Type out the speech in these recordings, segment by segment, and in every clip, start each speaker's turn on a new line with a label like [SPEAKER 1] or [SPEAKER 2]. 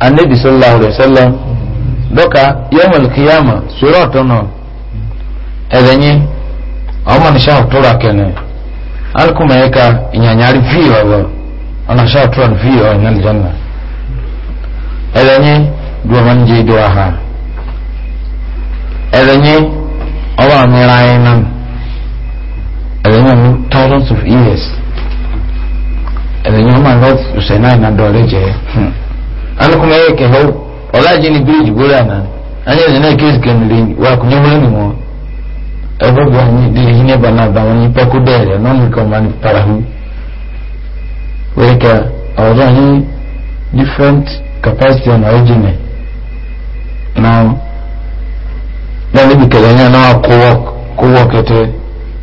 [SPEAKER 1] anabi sallallahu alaihi wasallam doka yawmal qiyama sura tono edenye ọmọ ni ṣáà tó ra kẹne alukuma yẹ ká ìyànyàrí fi ọwọ ọ̀nà ṣáà tó ra fi ọ̀nà ìjọna edenye duwọmọ ń jẹ ìdúwà ha edenye ọwọ àmì ra ẹ̀ nàn edenye ọmọ thousands of years ẹ̀rẹ̀ ní human rights ọ̀sẹ̀ náà iná dọ̀ọ̀lẹ́ jẹ́ ẹ̀. alukuma yẹ kẹfọ ọlájì ni bíríjì gbórí àná ayé ẹ̀rẹ̀ náà kéésì kẹ́mi lé wa kò ní wọ́n ní wọn. ẹgbẹ́ bí wọn di yìí ní ẹ̀bà náà bá wọn pẹ́kú bẹ́ẹ̀ rẹ̀ náà nìkan máa ní parahu. wẹ́ẹ̀kẹ́ ọ̀rọ̀ ní different capacity and origin náà náà níbi kẹlẹ́ yẹn náà kó wọ́ kẹtẹ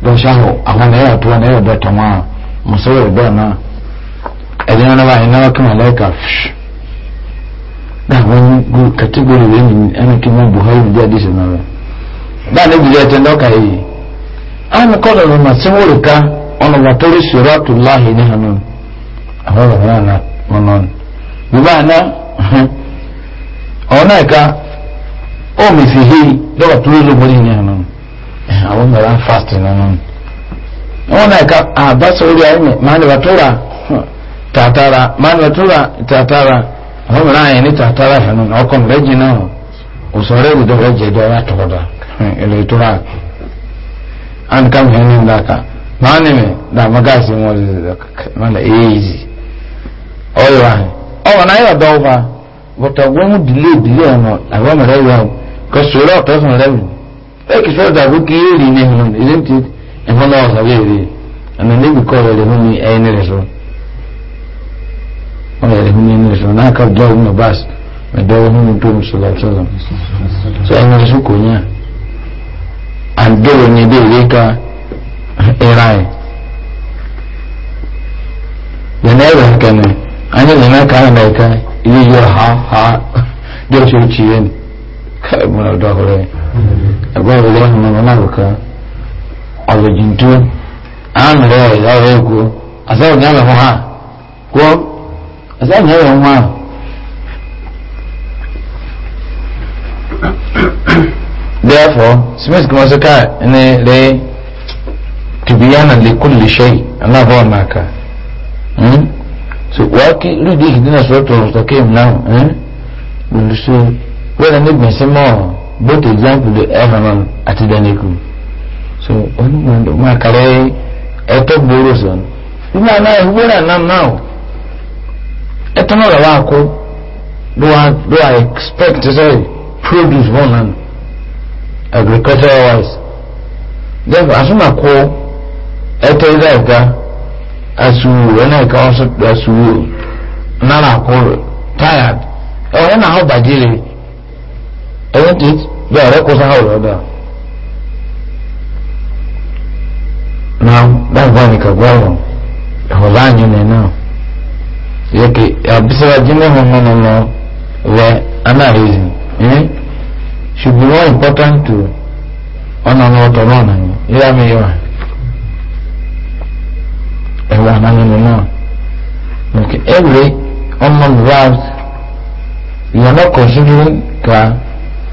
[SPEAKER 1] lọ́ṣàwọ̀ àwọn ẹ̀yà tó wọn ẹ̀yà bẹ́ẹ̀ tọ́ wọn à ɛdina na baa hena waka malaika fish da wani gu kategori da yin ana kima buhari da hadisi na ba da ne bi zai da ka yi an kodo na masu wurika ona watori suratullahi ne hanu amma ba na na wannan bi ba na ona ka o mi fi hi da watori zuburi ne hanu awon mara fast na nan ona ka a ba sauri ayi ma ne watora tatara manuatura tatara homra ni tatara hanun okon regina usore bu do je do ra tokoda ele tura an kam hanin daka mani me da magasi mo mala easy oya o na yo do ba but uh, we mu delay delay no i want to yo ko sura to so le e ki so da bu ki ri ne hanun isn't it e mo na so be ri and then we call it the money any reason ọ̀yà ìhun nínú ìṣòro náà ká jẹ́ òun ọba ah, ẹ̀dẹ́wọ́ nínú tó ń sọ̀rọ̀ sọ̀rọ̀ sọ ẹni oṣù kò yàn àdéhùn ní ilé ìwé ká ẹ̀ra ẹ̀ yẹn náà ẹ̀rọ kẹ̀nẹ̀ anyị na-eme ka anyị na-eke ihe yi ha ha dị otu otu ihe ka ebuna ọdọ ọhụrụ ya ebe ọ bụla ahụ nọ n'akụkụ ọ bụ ẹ̀sẹ̀ ní ẹ̀rọ wọn. therefore smith kò mọ sí ká ẹni lè tìbíyànà lè kó lè ṣe aláàbọ̀ ọ̀nà àká so wàá kí rídìí ìdínà sọ́tọ̀ ọ̀sọ̀kẹ́m náà olùsọ hmm? wẹ́rẹ́ ní gbèsè mọ́ both example ẹ̀hánà àti dẹ́nẹ́kù so onímọ̀ máa kàrẹ́ ẹ̀tọ́ gbòòrò sọ̀nù. ìgbà náà ìwé rẹ̀ náà náà ẹtọ́nà rẹ̀ wá kó ló wá ló wá expect ṣe produce wọn náà agricultural wise then asọ́nà kó ẹtọ́ ilé ẹ̀ka asuwu ẹ̀nà ẹ̀ka wọn sọ asuwu nana kó tired ẹ̀wọ̀n ẹ̀nà àwọn bàjẹ́ rẹ̀ ẹ̀wọ̀n ti bí ọ̀rẹ́ kó sáà ọ̀rọ̀ dà. Now, that's why we can go on. Hold on, you know yake abisaba jini hono no no we anaizi eh should be more important to ona no to no na ni ya mi yo e wa na ni no okay every common verbs you are not considering ka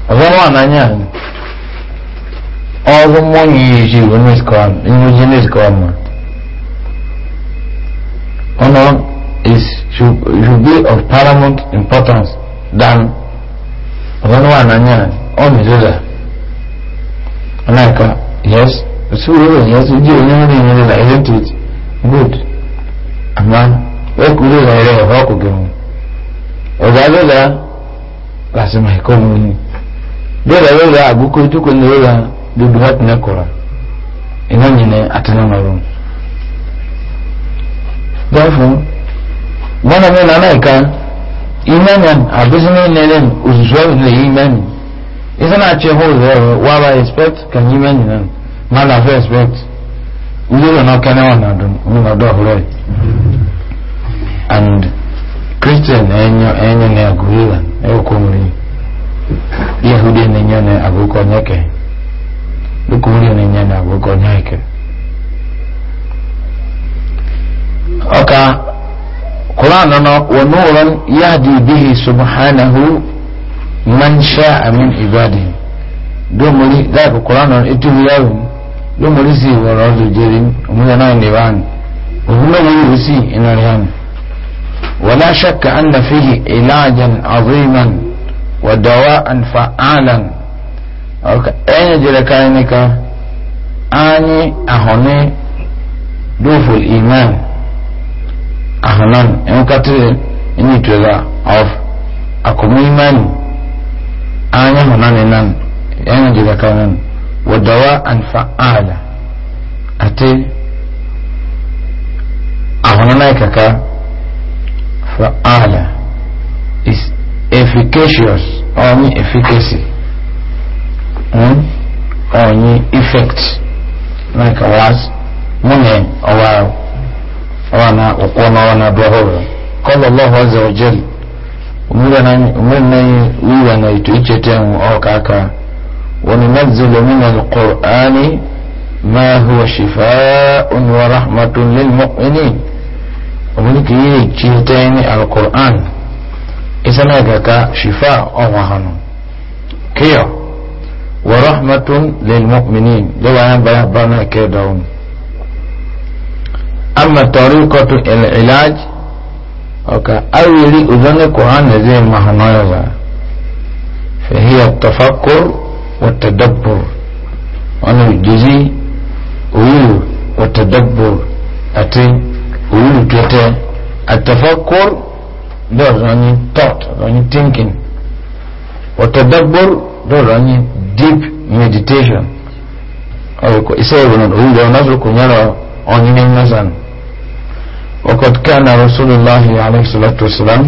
[SPEAKER 1] ọzọ wa na nya ọrụ mmụọ yi ji wo ni skọl ni ji ni skọl ma ono is should, should be of paramount importance than ọ̀gọ́nù wà náà yàn ọ̀nà ìdọ́dà ọ̀nàkà yes òṣùwòrò rẹ̀ yes ojú onímọ̀rẹ̀ ìyẹn rẹ̀ láyé tó ti good àmọ́ ẹkùnrin rẹ̀ rẹ̀ ẹ̀fọ́ kò gẹ̀wọ̀n ọ̀gá lọ́dà láti máa kọ́ wọn ni lọ́dà lọ́dà àgùkọ ìtúkọ̀ ní lọ́dà dodo hàt ní ẹ̀kọ́ra iná nyìnà àtẹnumọ̀rọ̀ therefore nana mi e nana ika imanan abisi ne nelen uzuzuwa ne imani na ce ho zai wa expect kan imani nan ma na expect uzuru na kene na don mu na do hore and christian enyo enyo ne agurila e ko muri yahudi enyo ne nyeke enyo ne nyeke oka قرآن ونورا يهدي به سبحانه من شاء من عباده دومري ذاك قرآن اتوه يوم دومري سي ورد الجريم ومدنا نيوان وهم يرسي إن الهم ولا شك أن فيه علاجا عظيما ودواء فعالا أين جلكانك أني أهني دوف الإيمان ahonan nkatiri ne twela of akomuimani anya honan nan yana jira kanan wadawa an fa'ala ate ahonan kaka fa'ala is efficacious only efficacy hmm? only effect like was women or وانا وقونا وانا بهور قال الله عز وجل أمرنا ويوانا يتوجتهم أو كاكا وننزل من القرآن ما هو شفاء ورحمة للمؤمنين ومن كي يجيتين القرآن إذا كاكا شفاء أو هنون كيو ورحمة للمؤمنين لو أنا بيان بنا كدون amma tariqatu al-ilaj oka awiri uzanga Qur'an na zai mahanoya za fa hiya tafakkur wa tadabbur wannan jizi uyuru wa tadabbur ati uyuru kete at-tafakkur those only thought only thinking wa tadabbur those only deep meditation ayiko isa ibn uyuru nasu kunyara onyi nemasan وقد كان رسول الله عليه الصلاة والسلام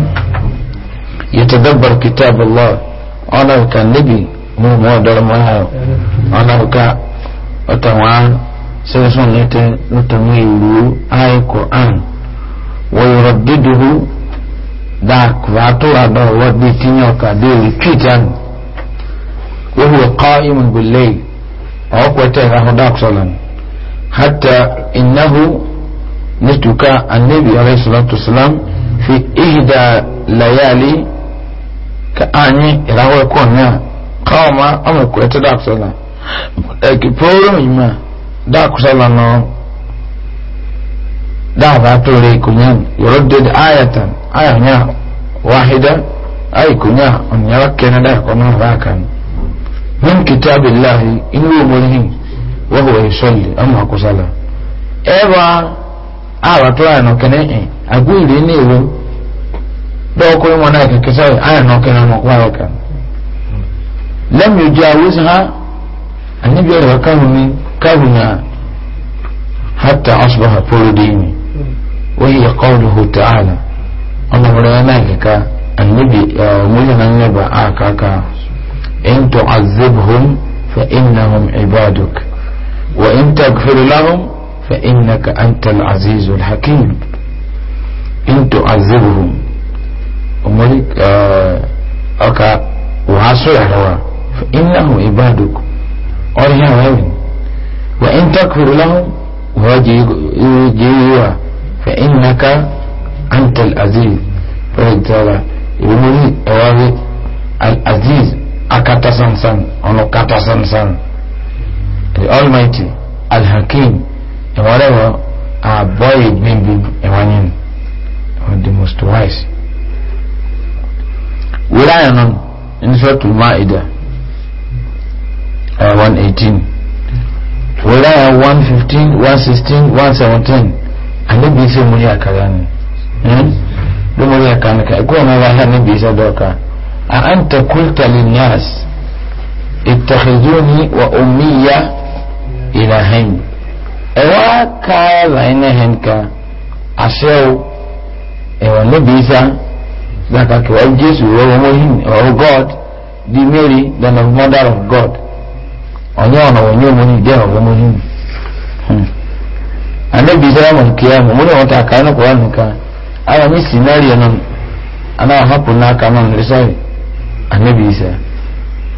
[SPEAKER 1] يتدبر كتاب الله أنا كان نبي مو مو دار ما أنا كا أتوان سيسون نت نتميل آي قرآن ويردده ذاك واتورا دور ودي تنيوكا دي كيتان وهو قائم بالليل أو قوتين أهو داك حتى إنه نتوكا النبي عليه الصلاة والسلام في إحدى ليالي كأني إراوي كونيا قوما أمي كويتا داك صلاة لكن بورو إما داك صلاة نو دعبا توري كونيا يردد آية آية واحدة أي كونيا أن يركنا دا كونيا ذاكا من كتاب الله إنه مرهي وهو يصلي أما كصلاة ever àwàtò àyànnọ̀kẹ́ni ẹ̀ àgúìrè ní èrò dọ́ọ̀kọ́ ìwọ̀n náà kẹ̀kẹ́ sáré àyànnọ̀kẹ́ni ọmọkùnrin àwọ̀kà lẹ́mìí ojú àwòsàn ha àníbi ọ̀rọ̀ káhùn ní káhùn náà hátà ọ̀ṣùbọ̀hà pọ́lọ́dẹ́yìn wọ́n yẹ kọ́ọ̀lù hùtà àlà ọmọkùnrin náà kẹ̀kẹ́ àníbi ọ̀múlẹ̀ náà ń yẹ̀bà àkàkà ẹ̀ ń tọ́ àzẹ́bùhùn fẹ́ ìnáhùn ìbádùk wọ́n ń tàgfẹ́rẹ́ láhùn فإنك أنت العزيز الحكيم إن تعذبهم أمريك آه، أكا وحصل على فإنهم عبادك أريها وين وإن تكفر لهم وجيوا فإنك أنت العزيز ترى يقولي أواري العزيز أكتا سنسان أنو كتا سنسان the Almighty الحكيم ẹ̀wọ̀n rẹ̀wọ̀n àbọ̀ ìgbìngbì ẹ̀wọ̀n yìí on the most wise wíra ẹ̀nà nísọ́tù má ìdá ẹ̀ 118 wíra ẹ̀ 115 116 117 àníbi iṣẹ́ mú ní uh, àkàrà ni ló mú ní àkàrà nìkan ẹ̀kọ́ ọ̀nà wáyé àníbi iṣẹ́ dọ́ka ewa kaya zaine henka aseo ewa nebisa zaka ke wa jesu wa mohin o god di mary the mother of god onye ona onye omoni de wa mohin hmm. anebisa mo kiyama mo no ta kana ko anka aya mi scenario non ana hapo na kama nrisai anebisa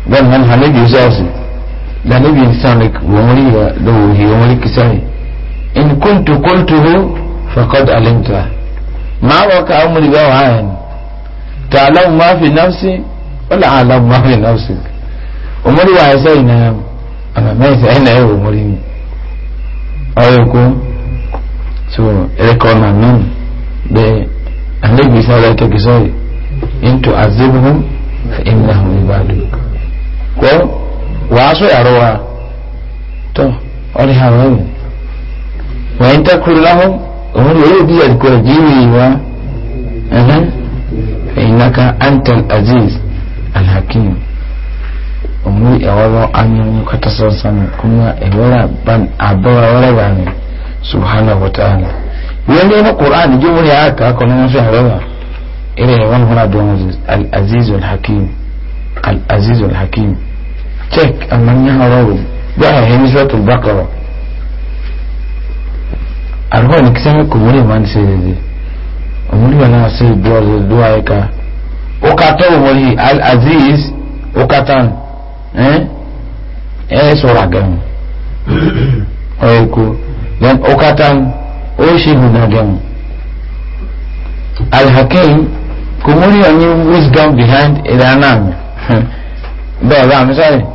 [SPEAKER 1] dan man lanibi insanlik wamuri ya lowuhi wamuri kisani in kuntu qultuhu faqad alimta ma waka amri ba wahan ta'lamu ma fi nafsi wala a'lamu ma fi nafsi umuri wa sai na ana mai sai na yau umuri ni ayoko so rekona nun de anibi sallallahu kisani in tu'azibhum fa innahum ibaduk ko wàásù ẹ̀rọ wa tó ọ̀rẹ́ àwọn ẹ̀wù wọ́n ń tẹ́kùrú láwọn òun lè rí bí ẹ̀kọ́ rẹ̀ jíwì wa ìnáka antal aziz alhakim òun ẹ̀wọ́rọ̀ anyinyin kọ́tàsọ́sán kuma ẹ̀wọ́rọ̀ àbọ̀wọ́rọ̀ wà ní subhanahu wa ta'ala wíwọ́n ní kùránì jíwọ́n yà á kàkọ́ ní wọ́n fi ẹ̀rọ wa ilẹ̀ ìwọ́n aziz alhakim alhakim check amanya harawi báyà ẹni sọ́tò bákọ̀rọ̀ àrùbá ní kí sẹ́mi kò múlẹ̀ máa ń ṣe rèé òmùlẹ̀ náà ṣe ìdúrà ṣe ìdúrà ẹ̀ka ó ká tọ́ òmò yìí aziz ó ká tán ẹ sọ̀rọ̀ àgẹ̀mù ọ̀rọ̀ ikú then ó ká tán ó ṣe ìhùnà àgẹ̀mù alhakim kò múlẹ̀ ní wisdom behind ìlànà mi bẹ́ẹ̀ bá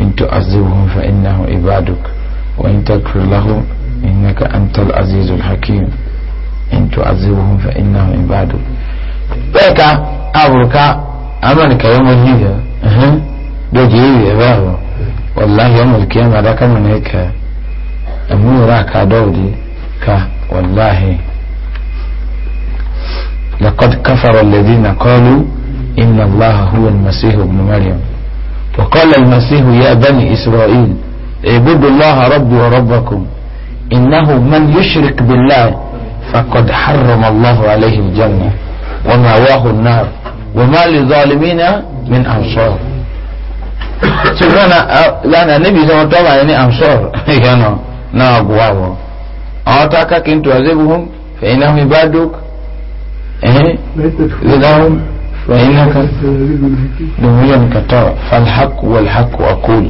[SPEAKER 1] إن تعذبهم فإنه عبادك وإن تغفر لهم إنك أنت العزيز الحكيم إن تعذبهم فإنه عبادك بيكا أبوكا أمريكا يوم الجيدة أه. دو جيدي يباهو والله يوم القيامة ذاك من هيك راكا دودي كا والله لقد كفر الذين قالوا إن الله هو المسيح ابن مريم فقال المسيح يا بني إسرائيل اعبدوا الله ربي وربكم إنه من يشرك بالله فقد حرم الله عليه الجنة ومأواه النار وما للظالمين من أنصار سبحان النبي نبي زمان طبعا يعني أنصار نعم واو أعطاك كنت أعذبهم فإنهم عبادك إيه لهم وإنك لمن كتاب فالحق والحق أقول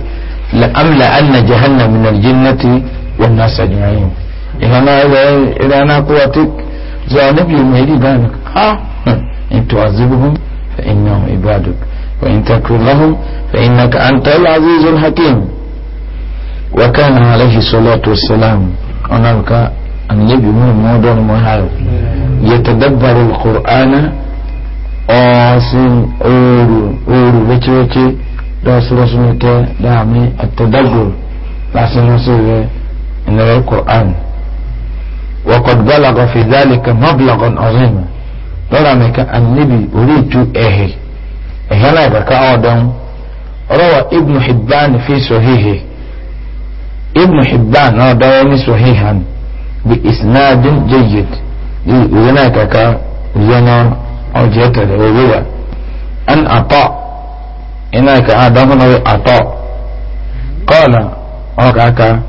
[SPEAKER 1] لأملأن جهنم من الجنة والناس أجمعين إذا أنا إذا أنا قوتك زانب يمهدي بانك ها إن تعذبهم فإنهم عبادك وإن تكفر لهم فإنك أنت العزيز الحكيم وكان عليه الصلاة والسلام أنك النبي من مودون مهار يتدبر القرآن ọ̀sìn ooru ooru wétíwétí lọ́sọ̀lọ́sọ̀nìkẹ́ dáàmì àtẹ̀dẹ́gbò lásìlọ́sọ̀ rẹ̀ ìnira quran wọ́kọ̀ bọ́lọ̀gọ̀ fìdálìkẹ́ mọ́bìlọ̀gọ̀ ọ̀rìn lọ́la mẹ́ka àníbi orí ìtú ẹ̀hẹ̀ ẹ̀hẹ́ náà kàkà ọ̀dọ́n rọwà ibnu hibban fi sọ̀híhì ibnu hibban náà dáwọ́ ní sọ̀híhàn bí isnadin jẹ́yẹ̀d او جيتا ده ويويا ان اطاع انك ادمنا اطاع قال اوكاكا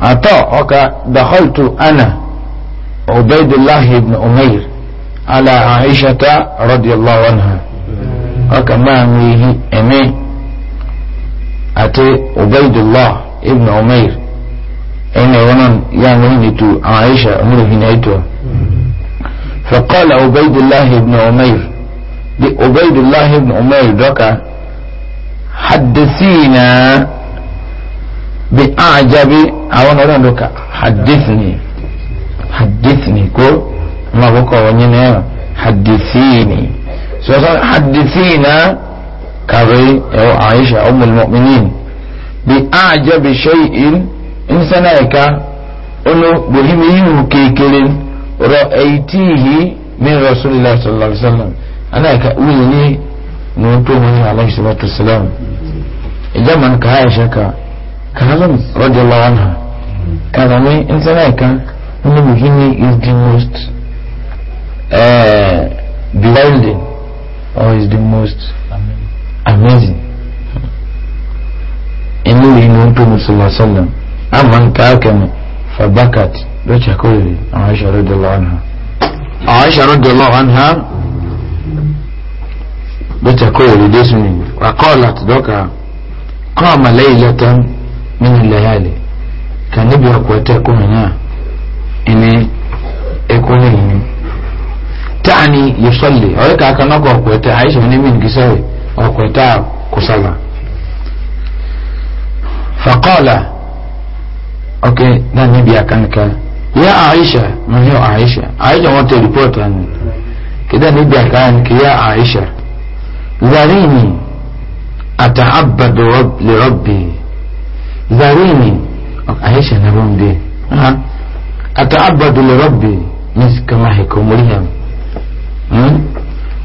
[SPEAKER 1] اطاع اوكا دخلت انا عبيد الله بن امير على عائشة رضي الله عنها اوكا ما ميه امي اتي عبيد الله ابن عمير اين ونن يعني نتو عائشة امره هنا فقال عبيد الله بن عمير عبيد الله بن عمير دكا حدثينا بأعجب أولا أولا حدثني حدثني كو ما بقى ونينا حدثيني سوصا حدثينا كري أو عائشة أم المؤمنين بأعجب شيء إنسانيك أنه بهمين كيكلين رأيتيه من رسول الله صلى الله عليه وسلم أنا كأولي نوتو مني عليه الصلاة والسلام إذا من كعائشة كهزم رضي الله عنها كان مي إنسان كان من بهني is the most uh, bewildering or is the most amazing إنه ينوتو صلى الله عليه وسلم أما كأكمل فبكت lọ́tí àkọ́lẹ̀ àwọn aṣàrọ̀ dọ̀lọ́ àná àwọn aṣàrọ̀ dọ̀lọ́ àná lọ́tí àkọ́lẹ̀ rẹ̀ dẹ́sùn ní àkọ́ọ̀lá ti dọ́ka kọ́ àmàlẹ́yìn lọ́tà nínú ilẹ̀yàlẹ̀ kà níbi ọkọ̀ ẹ̀tẹ́kùn náà ẹni ẹkùn nìyí tani yusalli ọ̀rẹ́ kàkà يا عائشة ما هي عائشة عائشة وانت ريبورت عن كده نبدأ كانك يا عائشة ذريني أتعبد رب لربي ذريني عائشة نبون دي ها أتعبد لربي ما هي هيكم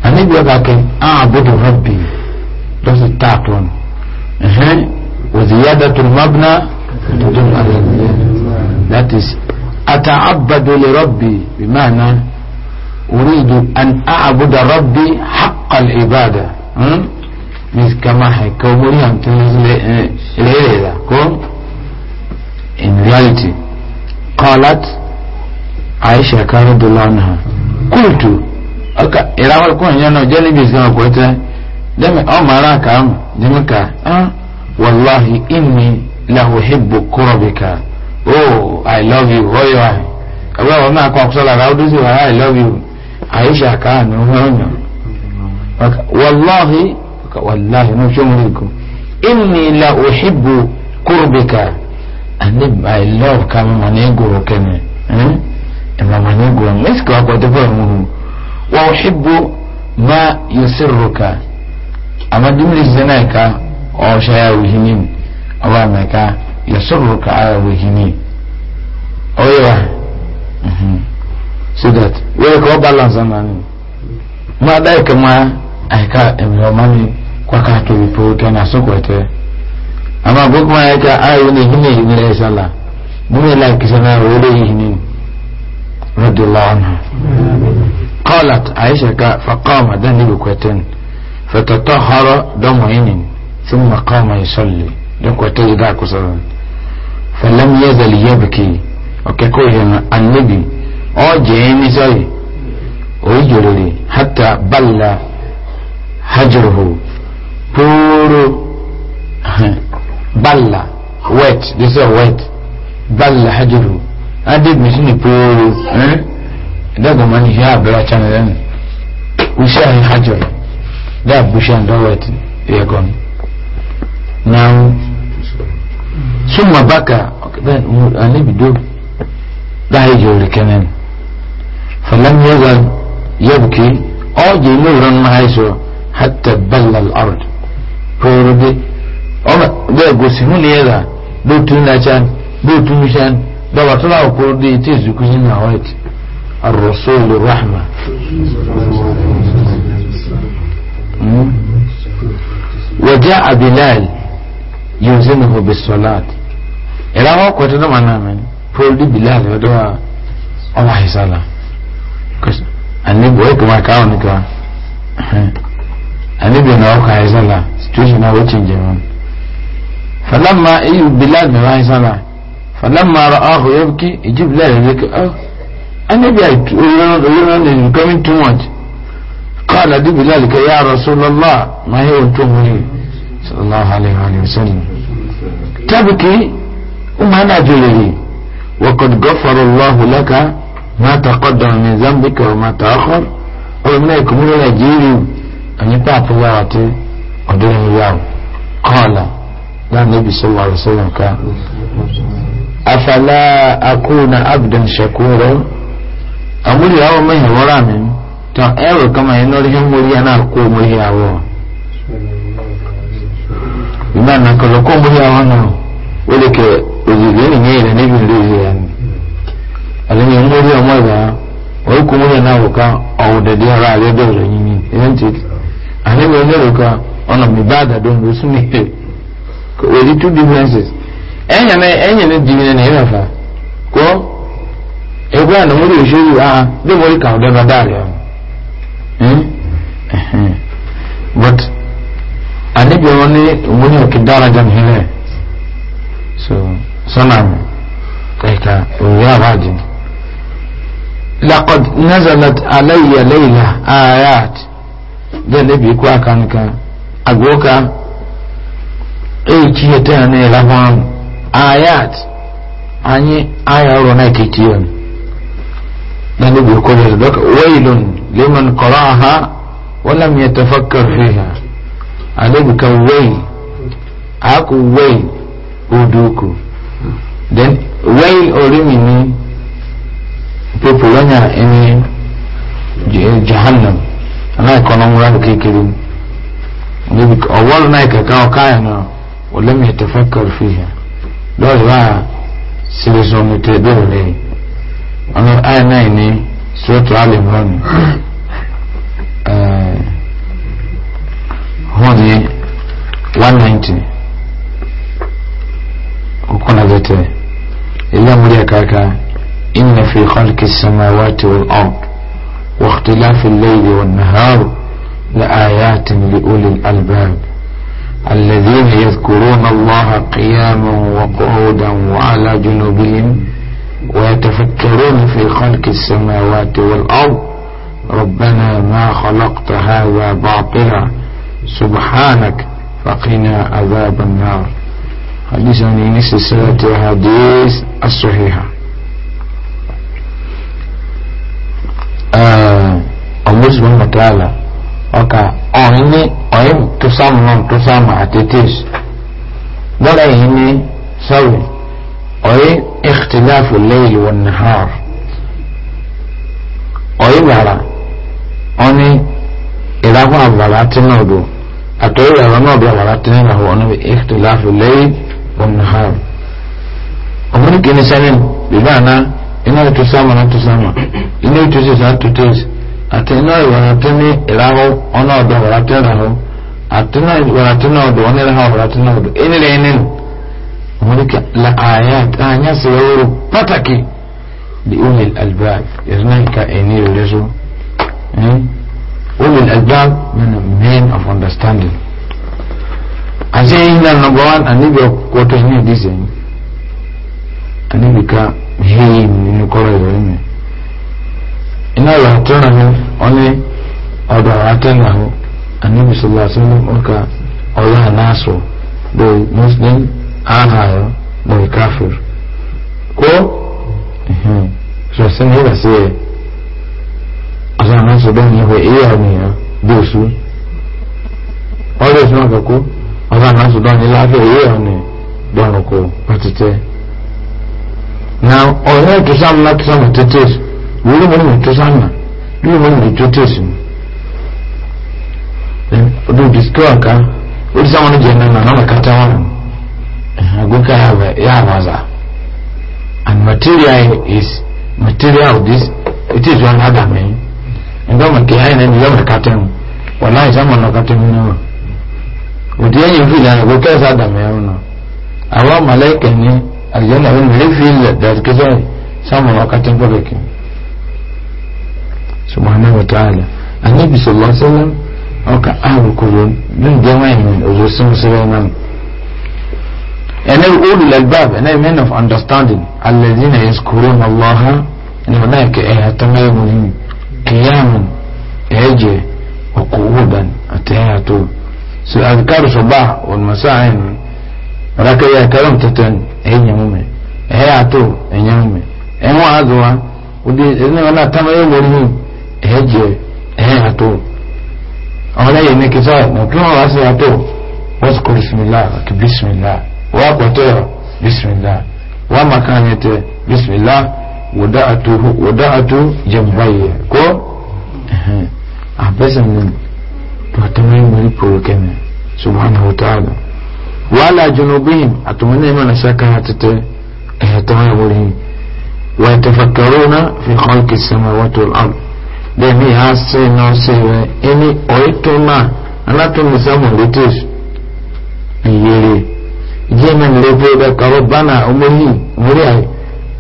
[SPEAKER 1] أنا النبي قال أعبد ربي بس تعطون وزيادة المبنى تدل على that is أتعبد لربي بمعنى أريد أن أعبد ربي حق العبادة مثل كما حكوا مريم تنزل العيلة كون in reality قالت عائشة كان رضي الله عنها قلت إلى أول كون يانا جانبي سكما قلت دمي أو مراك أم دمك أه والله إني له حب قربك oh i love you oyo i ọgbẹ́ wọn náà kọ́ ọ̀sọ́ i love you Aisha káàánú ọ̀yàn wàláhi Walaahi. Walaahi ṣọ́mùrù inni la òṣìbò kúrùbìkà àní i love ká mọ̀ ní gòrò kẹ́mi ẹ̀mọ̀ mọ̀ ní gòrò mẹ́sìkì wà Wa tó ma mu ama wà òṣìbò má yosirò ká àmọ́ yasurruka ala wajhini oyewa so that wey ko balance ana ni ma dai kama ai ka emre mami kwa ka to ipo to na so kwete ama bo kuma ya ka ayo ne hine hine le sala mun la kisana wole hine radiyallahu anha قالت عائشة فقام دني بكوتين فتطهر دمعين ثم قام يصلي لكوتين ذاك صلى فلم يزل يبكي وككو هنا النبي أوجيني سوي ويجري حتى بل حجره بورو بل wet this is wet bal hajru adid mishini puru eh dago mani ya bela chana then usha hajru da bushan da wet yagon now ثم بكى أنا بدو دعي جوري كمان فلم يزل يبكي أوجي نورا ما معيسو حتى بل الأرض فوردي أما ده قسمه لي هذا دو تنشان دو تنشان ده بطلع فوردي تيزو كسين هوايت الرسول الرحمة وجاء بلال يلزمه بالصلاة إلى وقت لما نعمل فولد بلال ودوا الله صلاة النبي ويك ما كاونك النبي نوك عزلا situation هو تنجمون فلما أي بلال ما عزلا فلما رآه يبكي يجيب بلال يقول أه النبي you're not becoming too much قال دي بلال يا رسول الله ما هي وانتم صلى الله عليه وآله وسلم تبكي وما نجله وقد غفر الله لك ما تقدم من ذنبك وما تأخر وما يكمل الأجير أن يبعث الله أدون الله قال لا النبي صلى الله عليه وسلم قال أفلا أكون عبدا شكورا أقول يا أمي ورامي تأوي كما ينور هم ولي أنا أقوم ولي أوه imana nkoze ko muri abana wereke ugizwe n'inyenyeri n'ibintu bihiyani azanye muri iyo mwaza wari kumuri navuka awudadi hari abedozo nyinyi iyanti ane wenyeruka ono mibada don rusumire weri two differences enya ne enya ne divine ne yafa ko egwa na muri ojuru a de muri ka odaba dalio eh but anibi wani wani o kidara jam hele so sanam kaita ya baji laqad nazalat alayya layla ayat da nabi ku akanka agoka e kiye ta ne lawan ayat anyi aya ro na kitiyon da nabi ku da doka wailun liman qara'aha wa lam yatafakkar fiha anabi kan wai aku wai oduku then wai orimi ni popo wanya ẹni jahannam ana ikọna mura da kekere anabi ọwọlu na ikaka ọka ya na olemi tafakar fiya lọri wa silisọ mutu ebe rẹ ọna ayi na ni sọtọ alimọni mmoja 190 huko na zote ila mmoja akaweka ina fi لآيات لأولي الألباب الذين يذكرون الله قياما وقعودا وعلى جنوبهم ويتفكرون في خلق السماوات والأرض ربنا ما خلقت هذا باطلا سبحانك فقنا عذاب النار حديث عن سلسلة الحديث الصحيحة الله سبحانه وتعالى ọkà ọ̀hún ní ọ̀hún tó sáàmù náà tó sáàmù àtẹ́tẹ́s bọ́lá yìí ní sọ́wọ́ ọ̀hún ìkìtìláfù lẹ́yìn wọn nàhàr ọ̀hún bàrà ọ̀hún ní ìdáhùn àbàrà tí náà dùn أتوي أغنى بأغراتنا وهو أنه باختلاف الليل والنهار أمري كني سنين بمعنى إنه تسامى لا تسامى إنه تسيس لا تتيس أتنا يغراتني إلاغو أنا بأغراتنا هو أتنا يغراتنا ودو أنا لها أغراتنا ودو إني لأنين أمري لآيات آيات سيورو باتكي لأولي الألباب إرنائك إني لزو 嗯。Mm hmm ulul albab men men of understanding ase ina number one anibi ọkọtọ ní ẹdísẹ anibi ka hei nínú kọrọ ìrọ̀lẹ́ mi iná ìwà àtọ́nà mi ọ́nẹ́ ọ̀dọ̀ àwọn atẹ́nà ahọ́ anibi sọlá sọlá ọkà ọ̀rọ̀ ànáṣọ lórí muslim ahàyọ lórí káfíìr kó sọ̀sẹ́ ní ìwà sí ẹ̀ asa ma se bẹ́ẹ̀ ni ìwé èyí àwọn èèyàn bí oṣù ọlọ́ọ̀sùn náà kọ́kọ́ asa ma se bẹ́ẹ̀ ni láàbẹ̀ èyí àwọn èèyàn dọ̀rọ̀ kọ́ pàtẹ́tẹ́. na ọ̀rẹ́ ìtúsáàmù náà tẹ̀sán tẹ́tẹ́ wúlò mọ́ ní ìtúsáàmù náà wúlò mọ́ ní ìtútẹ́sì mu. ọdún bisikọ́ àká olùsáwọn ní jẹ́ nínú àná kàtà wọn àgbẹ̀ká yà àwàzà and material is material of this it is one other adamẹ́yìn. Eh? kì í ayé nàbí yọmọ kàtẹ́wù wọ́n láì sẹ́mọ̀ nà kàtẹ́wù náà òtí ẹ̀yìn fìlà ẹ̀kọ́ kẹ́sà dàmì ẹ̀rù náà àwọn mọ̀lẹ́kẹ̀ ní àjẹ́nà ẹ̀rù mẹ́rin fìlà dàkẹ́sà sẹ́mọ̀ nà kàtẹ́wù pẹ̀lẹ́kẹ̀ subhana wa ta'ala annabi sallallahu alaihi wasallam ọkà ahùn kúrò lóun jẹ́ wọ́n ẹ̀yìn òzò sínúsílẹ̀ náà ẹ̀nẹ́ olùlẹ̀ bab ẹ̀nẹ́ men of understanding alẹ́dínà yẹn kúrò náà lọ́ha ẹ̀nà ọ̀nà ẹ̀kẹ́ ẹ̀yà tó mẹ́rin kìyàmù ẹ̀ẹ́jẹ̀ ọkọ̀ owó dání àtẹ̀yìn àtò so àdìkárò sọ̀bà ọ̀nùmọ̀sá àìní ọ̀làkẹ́yà kẹrọ̀m tẹ̀tẹ̀ ẹ̀yìn mú mi ẹ̀yà àtò ẹ̀yìn mú mi ẹ̀wọ̀n àzọ̀wá òdi ẹ̀dínlẹ̀ wọn náà tàmí ẹ̀yìn wọlé yìí ẹ̀ẹ́jẹ̀ ẹ̀yìn àtò ọ̀lẹ́yìn ní kìtà nàkúrọ̀ wá sí àtò wọ́n kọ́ bisimilá kì bisimilá wọ́n akọ̀tọ̀ bisimilá wọ́n makanyẹtẹ bisimilá wọ́dà àtò wọ́dà àtò jẹ̀ mbáyé kọ́ ẹ̀hìn. أحبسهم تهتمين مليك وكما سبحانه وتعالى وعلى جنوبهم أتمنى ما نساكها تتهتمين ويتفكرون في خلق السماوات والأرض دمي هاسي نوسي إني أويتما أنا تمسام لتيش يلي جيمن لبودك ربنا أمهي مريعي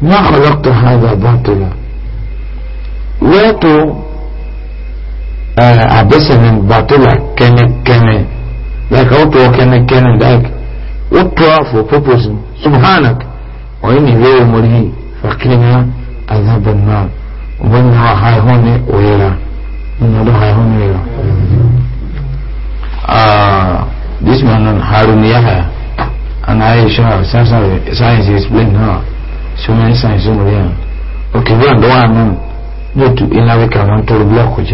[SPEAKER 1] ما خلقت هذا باطلا ويتو abesinin batila kene-kene like otuwa kene-kene like otuwa for purpose subhanak oyin iwe omori fakina azaban na obin na haihun ne oyera ina da haihun ne oyera this man harun yahya and i sure science explain how so many science in the end okay we are the one no to in a week block with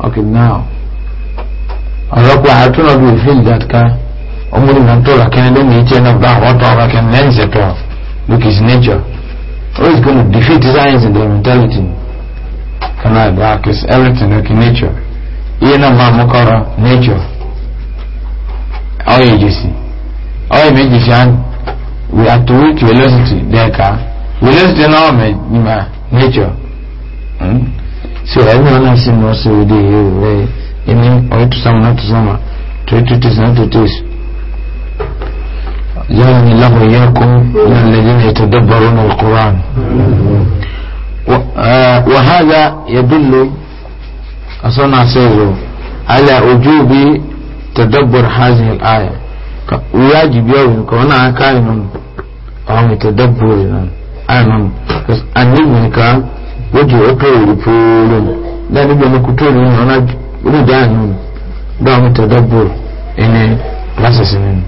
[SPEAKER 1] okay now ọ̀rọ̀pọ̀ àtúnà bí òfin ìdàtká ọmọdé náà tó rà kẹ́ni lónìí ìtì ẹ̀nà bá àwọn tó rà kẹ́ni lẹ́yìn ìṣẹ̀tọ̀ look his nature always oh, going to defeat science and their mentality kan náà bá cause everything okay nature iye náà máa mú kọ́ra nature ọ̀yẹ̀ ìjẹsì ọ̀yẹ̀ méjì fi hàn we are to reach velocity dẹ́ka velocity náà ọ̀mẹ̀ ní ma nature. Hmm? si wàhálà wọn náà sì mọ sí òde yìí o rẹ ẹni ọyẹ tó sáwọn náà tó sáwọn tóyẹ tó tẹsán náà tó tẹsán. جعلني الله وإياكم من الذين يتدبرون القرآن وهذا يدل أصنع سيره على وجوب تدبر هذه الآية ويجب يوم كونا كائن أو يتدبر أنا أنيبني كائن wotu ɔka wòle poolo mu daa ne bi ɔmo koto ne mu ɔna ɔmo gyaa ne mu daa ɔmo tɛ dɔbol ɛnɛ glasses ne mu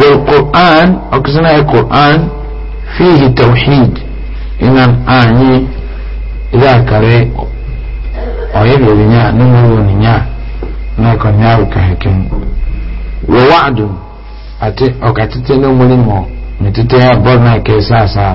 [SPEAKER 1] wɔ koran ɔkisana yɛ koran fihi tawhid ɛna anyi ɛdɛ akare ɔyɛ lori nya ne mu wɔ ne nya na ɛkɔ ne awo hɛkɛ mu wɔ waadu ate ɔka tete ne mu ne mu ne tete abɔ na kɛ saa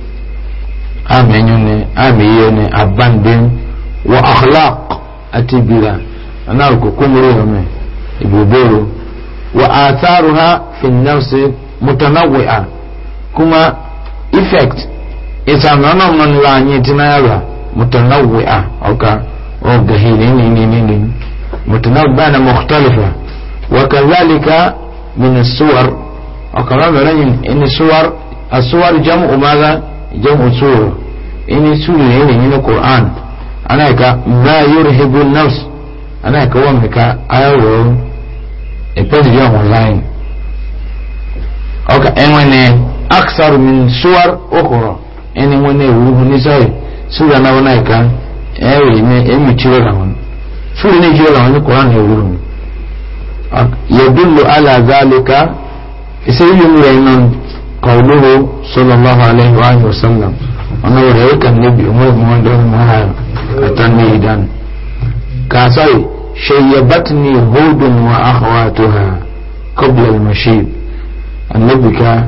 [SPEAKER 1] amenyune ameyene abandem wa akhlaq ati bila anar ko kumuru yame iboboro wa atharuha fi nafsi mutanawwi'a kuma effect isa nana man la nyi tinayara mutanawwi'a oka o gahini ni ni ni ni mutanawwi'a mukhtalifa wa kadhalika min as-suwar akramara in as-suwar as-suwar jam'u madha jam'u suwar ini sura ne ne na Qur'an ana ka ma yurhibun nafs ana ka wa ka ayo e pe je online oka enwene aksar min suwar okoro eni wene wuhu ni sai sura na wana ka ewe ne emi chiwe na won sura ne chiwe na won Qur'an ne wuru yadullu ala zalika isayyu min qawluhu sallallahu alaihi wa sallam ona wuri yau kan nabi umar muhammadu mahar katan ne idan kasai shayyabatni hudun wa akhwatuha qabla al-mashib annabi ka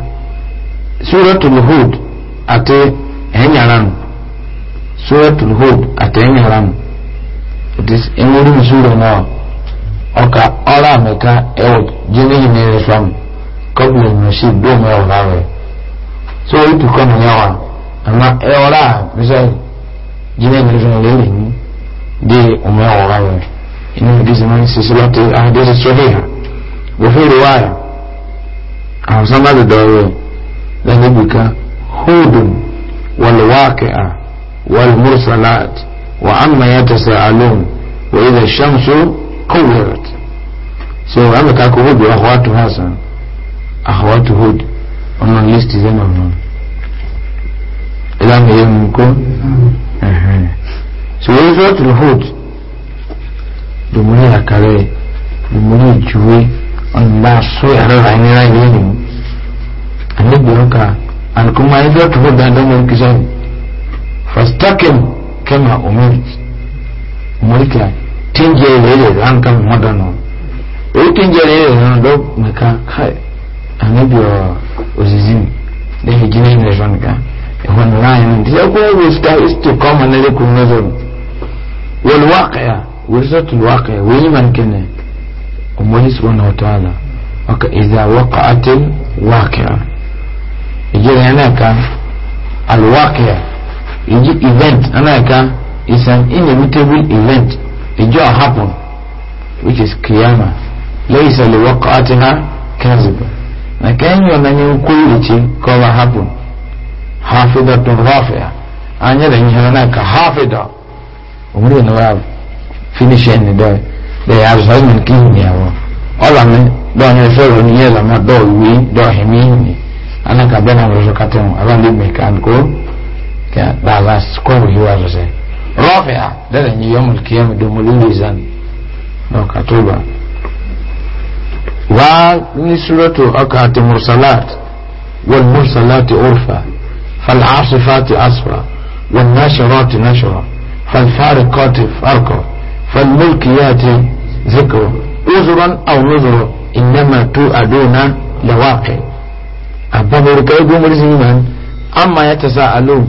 [SPEAKER 1] suratul hud ate enyaran suratul hud ate enyaran it is enwuri sura na ọka ọrụ amịka ewu jini hi n'ere fam qabla al-mashib do me ọrụ so itu kanu yawa amma ewara bisa jine mai jina lele ni di umar wa ne ina hadisi man sisilatu ahadisi sahiha wa fi riwaya a hausan ba da dawo da nabuka hudun wal waqi'a wal mursalat wa amma yatasaalun wa idha ash-shamsu kuwirat so amma ka ko hudu akhwatu hasan akhwatu hud on ìlànà ìyẹn nìkó ṣùgbọ́n ìfọ́tò hood dùmúlẹ̀ àkàrẹ̀ dùmúlẹ̀ ìjúwe ọ̀nà àṣọ yàrá ìrànlẹ́ra yẹn nìyẹn àlẹ́gbẹ̀rún ká àlùkùnmá ìfọ́tò hood dáadáa mọ̀ nkìsọ́ fastakin kẹ́mà omi mọ̀lìkà tíjẹ́ ìrẹ̀lẹ̀ ránkà mọ́dánù èyí tíjẹ́ ìrẹ̀lẹ̀ ránkà lọ́gbẹ̀ká káì àlẹ́gbẹ̀rún òṣìṣẹ́ lẹ́yìn jíjẹ́ ìrẹ̀lẹ̀ ránkà. online tutakuwa ustahistu kama nile kunazon والواقع ورزت الواقع ويمن كنا ومن سبحانه وتعالى وك إذا وقعت الواقع يجي هناك الواقع يجي event هناك is an inevitable event it just happen which is قيامة ليس لوقعتها كاذب لكن يونني كل شيء كما happen hafidatun rafi'a an yi da yin hana ka hafida umri na wa finishin ni da da ya zo min kin ya wa ola me do ne so ni yela ma do wi do himi ni ana ka bena ro ka tem ala ni me kan ko ka da la ko wi wa zo se rafi'a da da ni yomul kiyam do mululi zan no ka tuba wa ni suratu akati mursalat wal mursalati urfa فالعاصفات عصفا والناشرات نشرا فالفارقات فرقا فالملكيات ذكرا عذرا او نذرا انما توعدون لواقع أبابر كيدو مرزيمان أما يتساءلون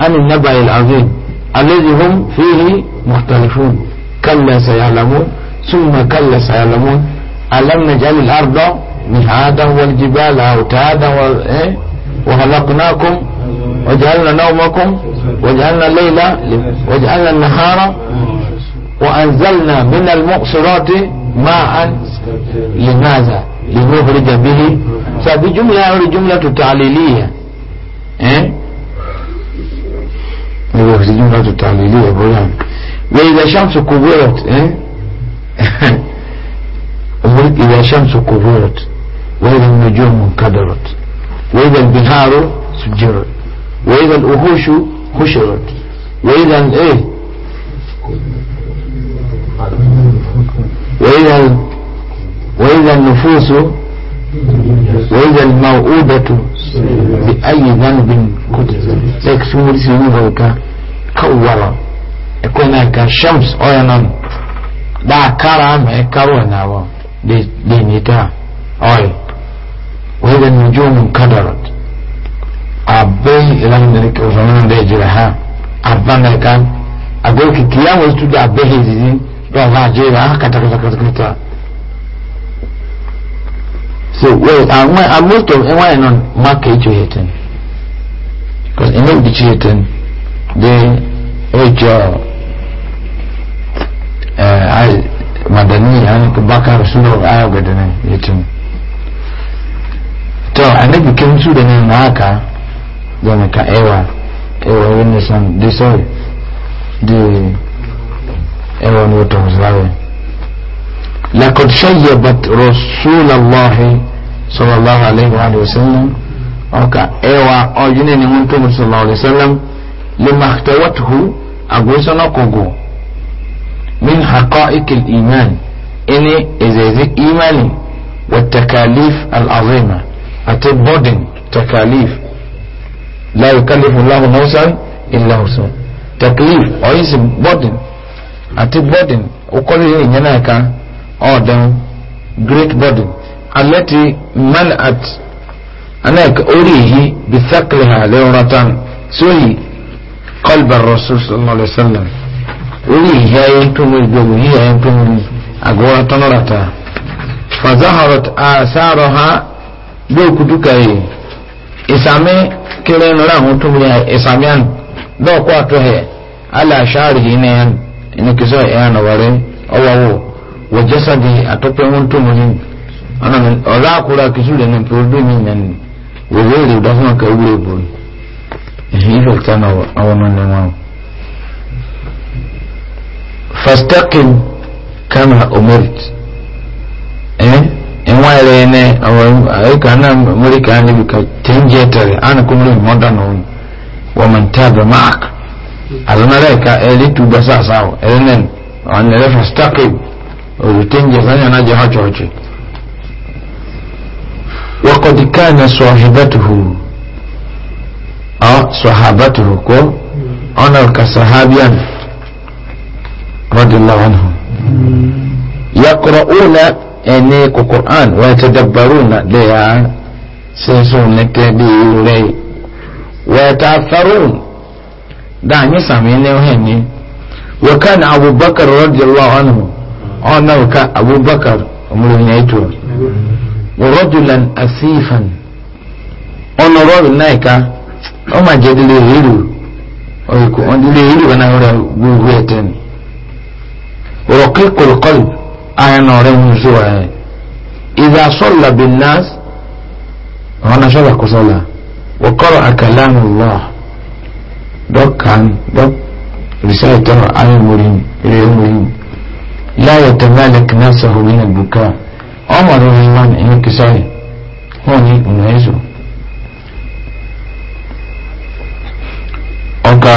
[SPEAKER 1] عن النبأ العظيم الذي هم فيه مختلفون كلا سيعلمون ثم كلا سيعلمون ألم نجعل الأرض مهادا والجبال أوتادا وإيه وخلقناكم وجعلنا نومكم وجعلنا الليل وجعلنا النهار وأنزلنا من المقصرات ماء لماذا لنخرج به ففي جملة هذه إيه؟ جملة تعليلية إيه؟ هذه جملة تعليلية بولان وإذا الشمس كبرت إيه؟ إذا الشمس كبرت وإذا النجوم انكدرت وإذا البهار سجرت وإذا الأهوش حشرت وإذا إيه وإذا وإذا النفوس وإذا الموؤودة بأي ذنب قتلت لك سوري سنوبك كورا يكون هناك شمس أوينا دا كرم هكرونا إيه، دي نتا أوي وإذا النجوم انكدرت أبي إلان ذلك وفمان بيجرها أبانا كان أقول كي كيام وزتود أبيه دي رفع جيرها كتا كتا كتا كتا So, well, and, when, and most of them were not market hating. Because in the hating, they, oh, job, uh, I, Madani, I, Bakar, Sulu, I, Gadana, hating to annabi kin su da nan haka da maka ewa ewa wani san da sai da ewa ne wata musawa لقد شيبت رسول الله صلى الله عليه وآله وسلم أوكا إيوا أوجيني نمونتم صلى الله عليه وسلم لما اختوته أقوسنا كوكو من حقائق الإيمان إني إزازي إيماني والتكاليف العظيمة àti bọ́dìn takalif láyé kálífù láhùn náwùsàn ìlàhùsàn takalif ọ̀yìn sí bọ́dìn àti bọ́dìn okọ́lé ìyẹn náà ká ọ̀dàn great bọ́dìn alẹ́ ti man at anáàkà orí èyí bí sákìlì hà lẹ́wọ̀n tán sóyì kọlbà rasul sallallahu alayhi wa sallam orí èyí ayé ń tó mú ìgbòho yìí ayé ń tó mú àgọ́wọ́n tán rà ta. فظهرت آثارها bí òkúdú kẹrì ìsàmì kiri nira àwọn tó wúlò ìsàmì àná bẹ́ẹ̀ kó àtọ́ hẹ aláṣáàrì yìí ní ẹ̀yàn ní kìsọ́ ẹ̀yàn ọ̀wọ́rẹ́ ọwọ́wọ́ wọ́jẹ́sà di àtọ́pẹ́ wọn tó wúlò ọ̀rọ̀ àkúrà kìsù rẹ̀ ní pẹ̀lú mi nani wòwé rè dáhùn àkà wúlò ìbò ẹ̀yìn ìfẹ̀tà náà àwọn ọmọ ní wọn. fastakin kama omerit. Eh? nwa ere ne aika na mulika ne bi ka tenje tare an kun lu moda no wa man taba ma'ak almalaika eri tu basa sawo erenen an ne fastaqib o tenje fanya na je hacho hacho wa qad kana sahibatuhu a sahabatuhu ko ana ka sahabiyan radiyallahu anhu hmm. yaqra'una ẹni kò quran wọ́n ti dàgbàrú na lẹ́yà sísun nìkẹ́ bí rẹ̀ wọ́n ta farun dáhìn sàmì ní ọ̀hìn ni wọ́n ká ní abubakar rọ́dìlọ́ ọ̀nà ọ̀nà wọ́n ká abubakar ọmọlẹ́yìn ètò wọ́n rọ́dìlan asífan ọ̀nà rọ́dì náà ká ọmọ àjẹdìlẹ̀ ìlú ọ̀yẹ̀kọ̀ ọ̀dìlẹ̀ ìlú wọn náà rẹ̀ gbogbo ẹ̀tẹ́ni rọ̀kí kọ̀lọ̀kọ̀lọ̀ aya na ọrẹ wọn nso ẹ ìdá sọlá bí nas àwọn náà sọlá kò sọlá wọkọrọ àkàlámù lọ dọkàn dọk rìsáìtọ ayé mọrin eré mọrin láyé tẹmẹlẹ kìnnà sọhùn ní bùkà ọmọ rẹ wọn máa ní kìsọyì wọn ní ìnà ẹsọ. ọkà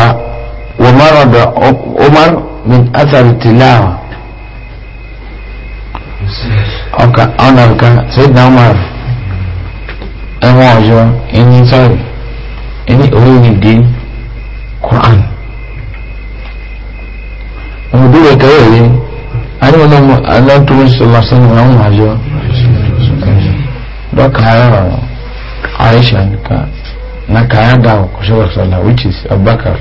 [SPEAKER 1] wọmọrọ bẹ ọmọrọ ní asàrìtìláwà. ọkà ọ̀nà ọ̀kà sẹ́dá ọmọrù ẹ̀wọ̀n ọ̀yọ́ ẹni sọ́ọ̀rì ẹni oríire dé quran ọmọdé rẹ̀ kẹ́rẹ́ rẹ̀ aníwọ̀n náà aláǹtọ́rọ̀ sọ̀rọ̀ sọ́nù àwọn ọ̀yọ́ dọ́kà ayọ̀rọ̀ aisha nìkan na kaya da kusurwa sallah which is abakar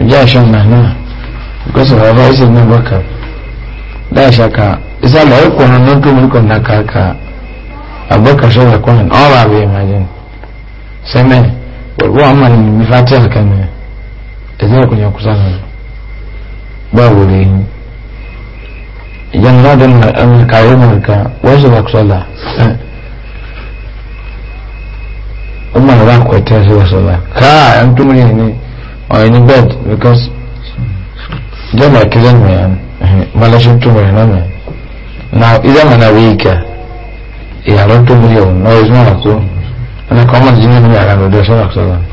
[SPEAKER 1] ọjọ́ àṣọ nàánà because of our voice na la shaka isa la yau kwanan nan tumul na kaka abubakar shi da kwanan an ba bai imajin sai mai warbo amma ne mai fati haka ne da zai kunya kusa da ba gobe yi idan za da na kawo mulka wasu ba kusa da na ba kwaita su wasu ba ka yan tumuli ne a wani bed because jama kizan mai yana malashin tumuri na mai na idan mana wika yaran tumuri yau na wajen na ko ana kama da jini ne a ranar da suna kusa zan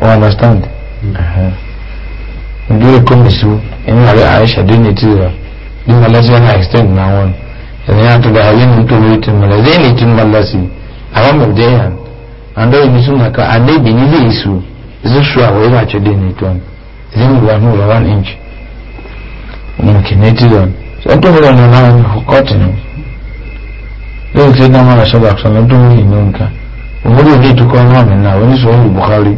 [SPEAKER 1] o understand dole kuma su in yare aisha dole ti da din malasi yana extend na wani yanzu yana ta da halin da tumuri tun malasi zai ne tun malasi a wani mabdayan an dawo ni suna ka a ni zai isu zai shuwa wai ba ce dai ne tun zai mu ba mu ba wani makinetizon ọdún mìíràn ní ọlọ́run ọkọ̀tì nù lórí tí náà máa ṣọ́bà sọ́nà ọdún mìíràn ìlú nǹkan òmúrí òní ìtukọ̀ náà mi náà oníṣòwò ní buhari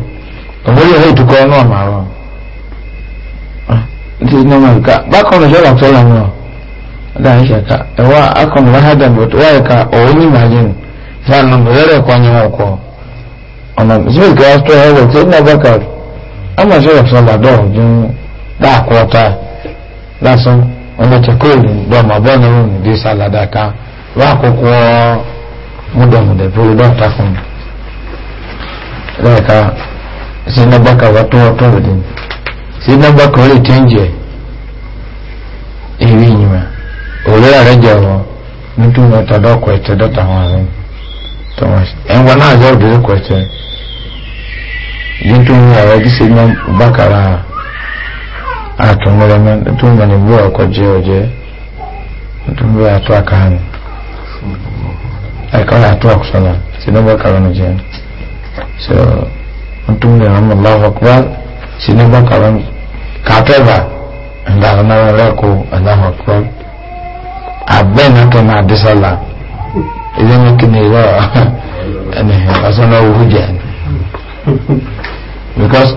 [SPEAKER 1] òmúrí òní ìtukọ̀ náà mà rọ tí náà máa ah, ká bákan ní ṣọ́bà sọ́nà náà ọdún àyè ṣẹ̀ka ẹ̀wá akọ̀nù wáyé dàbí ọ̀tọ̀ wáyé ká ọ̀hún ní màjẹ́nu sáà nà mọ̀lẹ́rẹ̀ ẹ̀kọ́ ni wọn kọ́ ọ̀nà bísí ìgbà tó ẹ̀wọ̀ lásán ọmọ chekoli dọ́mọ abọ́nirú nìdí sàlàdàkà wà kókó múdọ̀mùdẹ̀ fúru dọ́ta fún mi lẹ́ẹ̀ka sinabaka wà tó ọtọ́ rẹ̀ dín sinabaka ó lè tẹ́ ń jẹ èyí ìyìnbá òwe àrẹ jẹ nítorí wọn tọdọ ọkọ ẹtẹ dọta wọn àrẹ tọmọ ẹnwọ náà zọrọ kọ ẹtẹ nítorí àrẹ bí atumulema tumba ni bua kwa jeoje tumba atwa kahani akawa atwa kusala sinaba kawano jeni so tumba na Allahu akbar sinaba kawano kateba ndara na leko Allahu akbar abena to na disala ile mkini wa ene asana uhujani because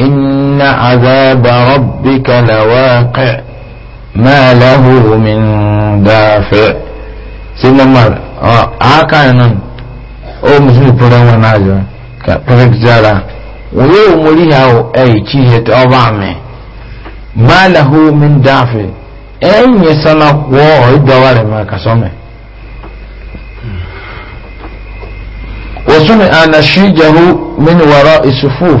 [SPEAKER 1] إن عذاب ربك لواقع ما له من دافع سيدنا عمر عاقا نن او مسلم بودن وانا جوا كبرك جارا ويو مريها أي اي تشيه ما له من دافع أين يسنى وهو يدور ما كسمه وسمع نشيجه من وراء الصفوف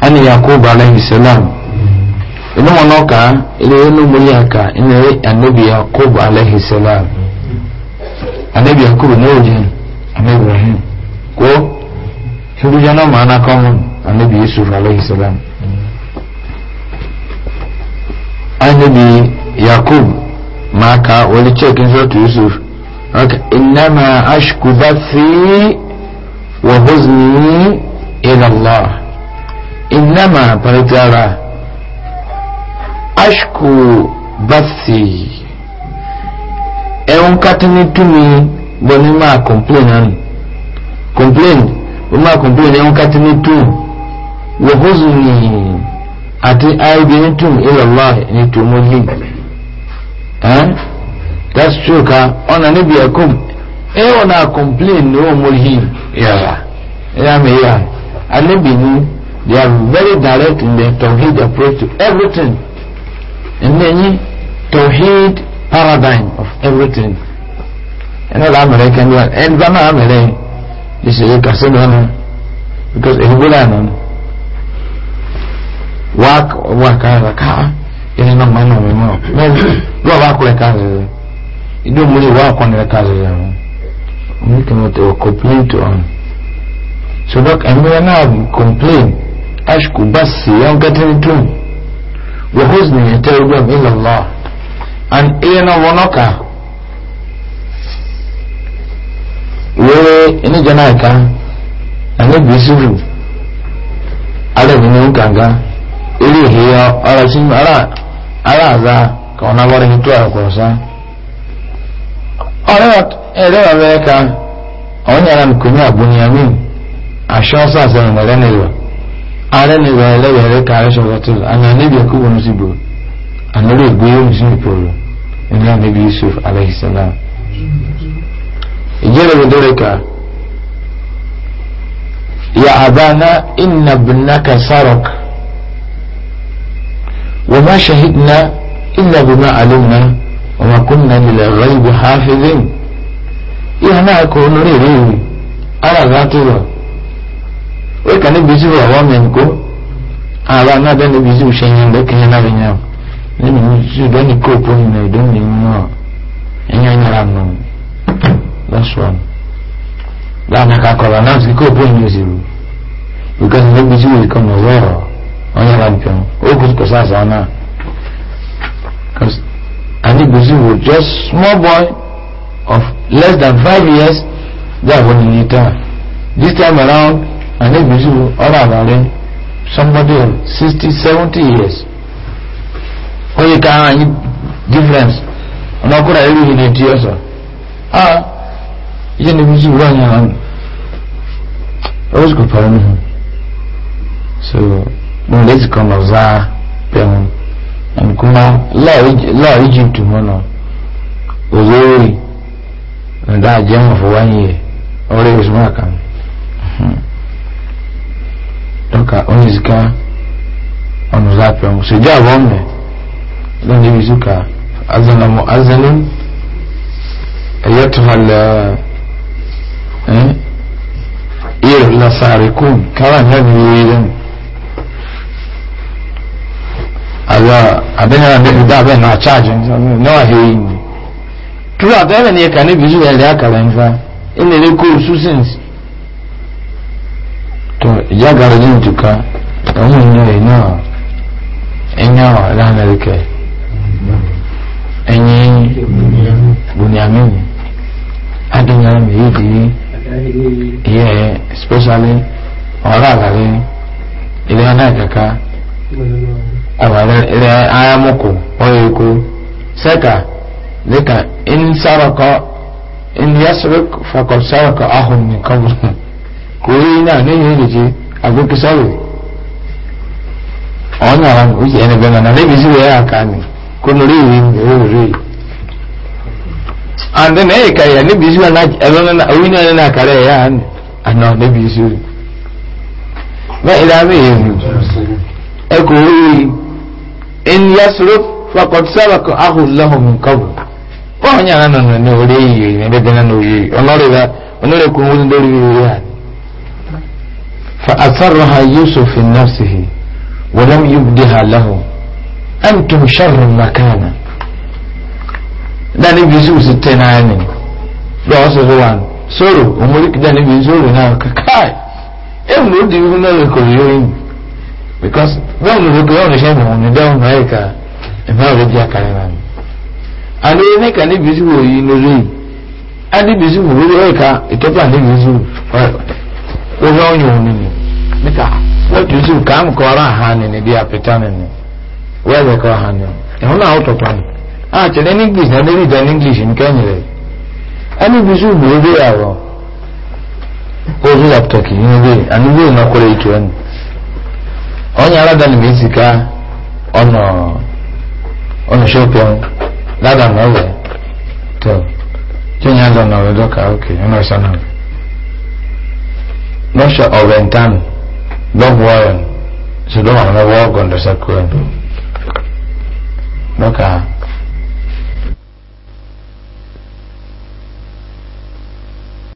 [SPEAKER 1] ani yakubu alayhi salam inu wọn náà kà ilé inú múlí àkà inú eré anabi yakubu alayhi salam anabi yakubu ní òjì anabi rahim kó ṣubújá náà máa ná kọ́mọ anabi yusuf alayhi salam anabi yakubu máa ka wọlé check in sọ́tù yusuf ọkà ìnáma ashkubafi wàhùzmi ilallah. إنما بردارا أشكو بثي They are very direct in their Tawheed approach to everything. And many Tawheed paradigm of everything. And all American one. And Bama Amere. This is a Kasinwana. Because in Bulanan. Work, work, car, man, no, work, ili na maana mmo roho wako le kazi ndio mwili wako ni kazi yangu mimi You cannot uh, complain to him. so look, and we are now complain ashku basi yankatani tun wa huzni yatarjumu ila Allah an ina wonoka wewe ini janaika ane bisuru ala bini unkanga ili hiyo ala simu ka ala za kaona gore hitu ala kurasa ọ̀rẹ́wà ẹ̀rẹ́wà bẹ́ẹ̀ ka ọ̀nyàrá nkùnmí àbúnyàmí àṣọ ara ni wẹ̀rẹ̀ wẹ̀rẹ̀ kàrẹ́ sọ̀rọ̀ tó àná níbi ẹ̀kú wọn sí bò àná ló gbé yóò sí ìpòrò ní ànábi yusuf aláìsílá ìjẹ́rẹ̀ mi dọ́rẹ̀ ká ya abana inna binaka sarok wa ma shahidna illa bima alimna wa ma kunna lil ghaib hafizin ya na ko nuri ri ara zatiro weka ni bizi wa wame nko ala na da ni bizi ushenye ndo kenya na binya ni bizi do ni ko ko ni do ni no enya nya ran no that's one da na ka ko na si ko po ni ziru because ni bizi we come aware onya ran pyo o ku ko sa sa na cuz ani bizi we just small boy of less than 5 years that when you retire this time around and if you ọ̀rọ̀ àbálẹ̀ somebody of sixty seventy years ó yẹ ká àwọn yìí difference ọmọkùnrin àyè wíyìn lè di ọ̀sán ah yíyá ni bí sùúrù àyàn àwọn ọ̀sùn kò parí mi hàn so mo lè ti kàn lọ zá pẹ̀wọ̀n and kuma law egypt mo nọ òye rè nàdá àjẹmọ̀ fún wáyé ọ̀rẹ́ òṣùmọ̀ àkàmù dɔka ɔnye sika ɔno za apɛ ho sɛ gya wɔn mɛ lɔnye bi ka azana mo azana ɛyɛ tohala e? ɛn iye lasaare kum kala nyɛ bi yie dɛm aza abɛnyɛ na ɛda abɛn na akyaagye nsa ne wa hɛ ni turu atɔ ɛbɛn yɛ ka ne bi yɛ lɛ akara nfa ɛna ɛlɛ kɔ osu to ya garajin tuka ɗanwun ne ina enyawa ranar ke enyi bunyamin adin ya mai yi diri iya especially ọ̀rọ̀ àgbàrí ilé aláìkaka àgbàrí ilé ayámọ́kù ọ̀rọ̀ ikú sẹ́ka dika in sárakọ in yasrik fakọ̀ sárakọ ahùn nìkan kòrí náà ní ìlú ìdíje agbókísọ́rò ọ̀nà àwọn òjì ẹni bẹ̀rẹ̀ náà níbi sí wẹ́ẹ́ àká ni kó lórí ìwé ni èrè òrè yìí and then ẹ̀yìn kàyà níbi sí wọn ẹ̀rọ náà orí náà nínú àkàrẹ̀ ẹ̀yà àná níbi sí rẹ̀ bẹ́ẹ̀ ilé àmì èèyàn ẹ kò rí ẹni yasoro fakọtí sábàkọ ahùn lọ́hùn nǹkan bù wọ́n yàrá nànà ní orí ìyè ní ẹgbẹ́ náà ní òye ọlọ́rẹ̀ kò ń wọ́n lórí ìwé rẹ̀ فأثرها يوسف في نفسه ولم يبدها له أنتم شر مكانا داني بيزو ستين عيني لو أصدقان سورو أمريك داني بيزو لنا كاي إم نود يبنى لكوريوين because wọ́n lè gbé ọ̀rọ̀ iṣẹ́ ìmọ̀ ní dáhùn náà ẹ̀ka ẹ̀mọ́ rẹ̀ di àkàrà ni àní ẹ̀ka níbi ìṣòwò yìí lórí adébísí wò lórí ẹ̀ka ìtọ́jú àdébísí onye ọnya onini dịka wetu isi ka m kọrọ ha nini dị apịta nini wee bekọ ha nini ịhụ na ụtọkwa nị a chere n'ingilish na ndị rida n'ingilish nke e nyere anyị bụ isi ugbo ebe ya bụ ozu laptọk n'ebe anyị bụ nọkwara etu ọnụ onye ara dani bụ isi ka ọnọ ọnọ shopin dada na ọwụ tọ chenye azọ na ọdọ ka oke ọnọ sanara lọ́sọ̀ ọ̀rẹ́ ntánu lọ́wọ́ ọ̀rẹ́ ṣùgbọ́n àwọn ọmọ ọgọ́ ọ̀dọ́sẹ̀kọ́ ẹ̀ lọ́kàá.